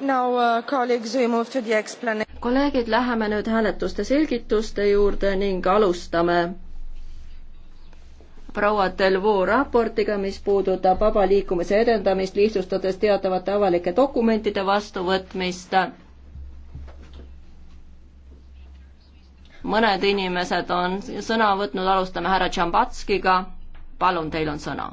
Uh, kolleegid, läheme nüüd hääletuste selgituste juurde ning alustame proua Delvaux raportiga, mis puudutab vaba liikumise edendamist, lihtsustades teatavate avalike dokumentide vastuvõtmist. mõned inimesed on sõna võtnud, alustame härra Tšambatskiga. palun, teil on sõna.